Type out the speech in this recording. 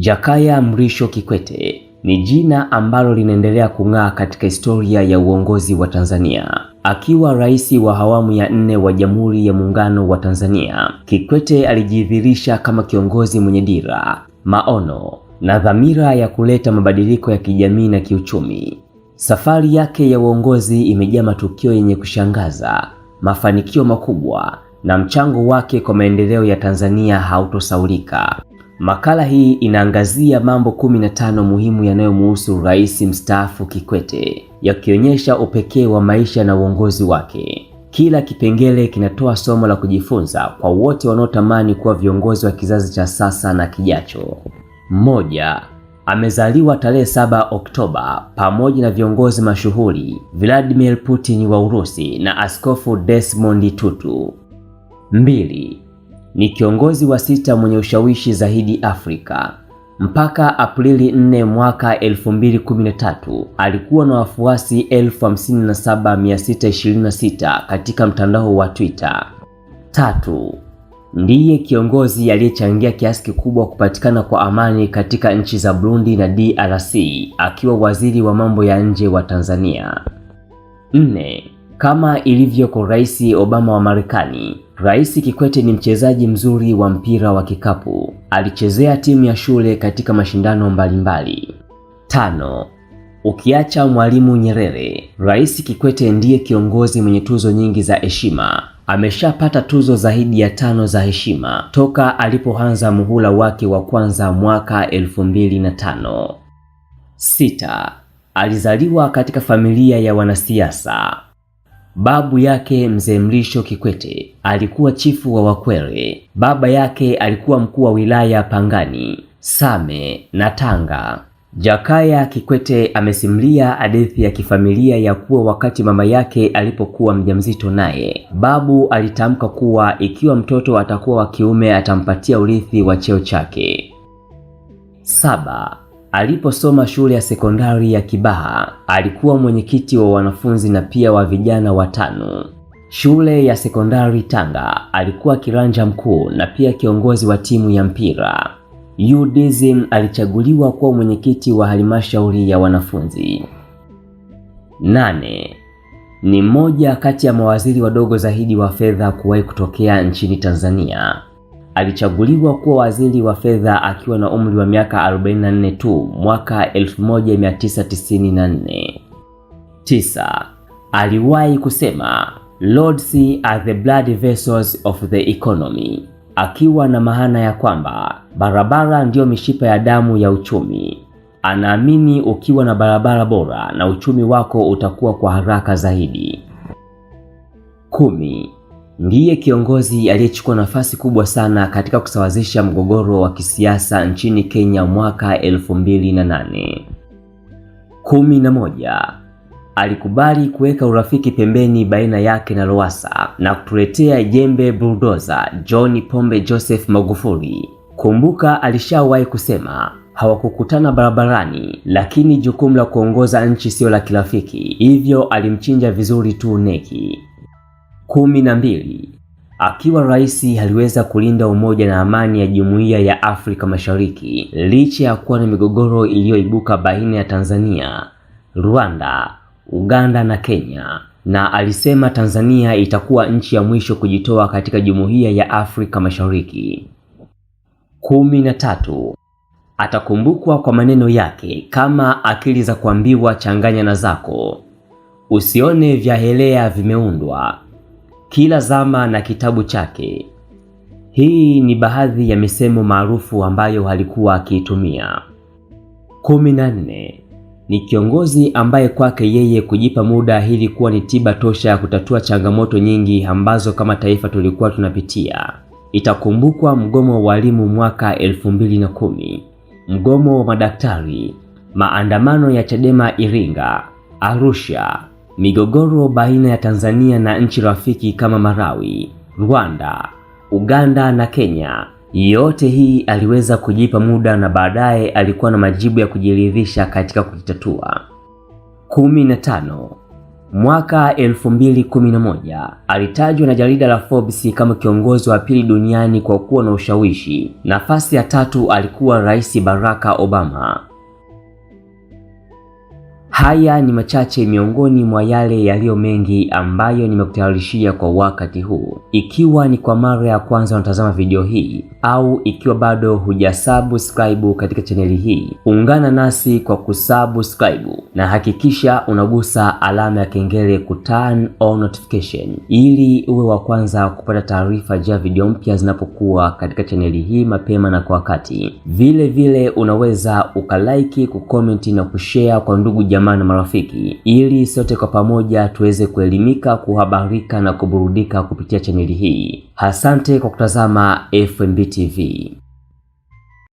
Jakaya Mrisho Kikwete ni jina ambalo linaendelea kung'aa katika historia ya uongozi wa Tanzania. Akiwa rais wa awamu ya nne wa Jamhuri ya Muungano wa Tanzania, Kikwete alijidhihirisha kama kiongozi mwenye dira, maono na dhamira ya kuleta mabadiliko ya kijamii na kiuchumi. Safari yake ya uongozi imejaa matukio yenye kushangaza, mafanikio makubwa na mchango wake kwa maendeleo ya Tanzania hautosaulika. Makala hii inaangazia mambo 15 muhimu yanayomhusu Rais mstaafu Kikwete, yakionyesha upekee wa maisha na uongozi wake. Kila kipengele kinatoa somo la kujifunza kwa wote wanaotamani kuwa viongozi wa kizazi cha sasa na kijacho. Moja, amezaliwa tarehe 7 Oktoba pamoja na viongozi mashuhuri Vladimir Putin wa Urusi na Askofu Desmond Tutu. Mbili, ni kiongozi wa sita mwenye ushawishi zaidi Afrika. Mpaka Aprili 4 mwaka 2013 alikuwa na wafuasi 57626 katika mtandao wa Twitter. Tatu, ndiye kiongozi aliyechangia kiasi kikubwa kupatikana kwa amani katika nchi za Burundi na DRC akiwa waziri wa mambo ya nje wa Tanzania. Nne, kama ilivyo kwa Rais Obama wa Marekani Rais Kikwete ni mchezaji mzuri wa mpira wa kikapu. Alichezea timu ya shule katika mashindano mbalimbali. Tano, ukiacha Mwalimu Nyerere, Rais Kikwete ndiye kiongozi mwenye tuzo nyingi za heshima. Ameshapata tuzo zaidi ya tano za heshima toka alipoanza muhula wake wa kwanza mwaka elfu mbili na tano. Sita, alizaliwa katika familia ya wanasiasa. Babu yake Mzee Mrisho Kikwete alikuwa chifu wa Wakwere. Baba yake alikuwa mkuu wa wilaya Pangani, Same na Tanga. Jakaya Kikwete amesimulia hadithi ya kifamilia ya kuwa wakati mama yake alipokuwa mjamzito naye, babu alitamka kuwa ikiwa mtoto atakuwa wa kiume atampatia urithi wa cheo chake. Saba. Aliposoma shule ya sekondari ya Kibaha, alikuwa mwenyekiti wa wanafunzi na pia wa vijana watano. Shule ya sekondari Tanga, alikuwa kiranja mkuu na pia kiongozi wa timu ya mpira. UDSM alichaguliwa kuwa mwenyekiti wa halmashauri ya wanafunzi. Nane, ni mmoja kati ya mawaziri wadogo zaidi wa fedha kuwahi kutokea nchini Tanzania. Alichaguliwa kuwa waziri wa fedha akiwa na umri wa miaka 44 tu mwaka 1994. Tisa, aliwahi kusema lords are the blood vessels of the economy, akiwa na maana ya kwamba barabara ndiyo mishipa ya damu ya uchumi. Anaamini ukiwa na barabara bora na uchumi wako utakuwa kwa haraka zaidi. Kumi, ndiye kiongozi aliyechukua nafasi kubwa sana katika kusawazisha mgogoro wa kisiasa nchini Kenya mwaka 2008. 11 Alikubali kuweka urafiki pembeni baina yake na Lowassa na kutuletea jembe buldoza John Pombe Joseph Magufuli. Kumbuka alishawahi kusema hawakukutana barabarani, lakini jukumu la kuongoza nchi sio la kirafiki, hivyo alimchinja vizuri tu Neki kumi na mbili. Akiwa rais aliweza kulinda umoja na amani ya Jumuiya ya Afrika Mashariki licha ya kuwa na migogoro iliyoibuka baina ya Tanzania, Rwanda, Uganda na Kenya, na alisema Tanzania itakuwa nchi ya mwisho kujitoa katika Jumuiya ya Afrika Mashariki. kumi na tatu. Atakumbukwa kwa maneno yake kama akili za kuambiwa changanya na zako, usione vyahelea vimeundwa kila zama na kitabu chake. Hii ni baadhi ya misemo maarufu ambayo alikuwa akiitumia. Kumi na nne ni kiongozi ambaye kwake yeye kujipa muda ilikuwa ni tiba tosha ya kutatua changamoto nyingi ambazo kama taifa tulikuwa tunapitia. Itakumbukwa mgomo wa walimu mwaka 2010, mgomo wa madaktari, maandamano ya Chadema Iringa, Arusha, Migogoro baina ya Tanzania na nchi rafiki kama Malawi, Rwanda, Uganda na Kenya, yote hii aliweza kujipa muda na baadaye alikuwa na majibu ya kujiridhisha katika kujitatua. 15. Mwaka 2011 alitajwa na jarida la Forbes kama kiongozi wa pili duniani kwa kuwa na ushawishi. Nafasi ya tatu alikuwa Rais Barack Obama. Haya ni machache miongoni mwa yale yaliyo mengi ambayo nimekutayarishia kwa wakati huu. Ikiwa ni kwa mara ya kwanza unatazama video hii au ikiwa bado hujasubscribe katika chaneli hii, ungana nasi kwa kusubscribe na hakikisha unagusa alama ya kengele ku turn on notification ili uwe wa kwanza kupata taarifa za video mpya zinapokuwa katika chaneli hii mapema na kwa wakati. Vile vile unaweza ukalaiki, kukomenti na kushare kwa ndugu jamaa jamaa na marafiki, ili sote kwa pamoja tuweze kuelimika, kuhabarika na kuburudika kupitia chaneli hii. Asante kwa kutazama FMB TV.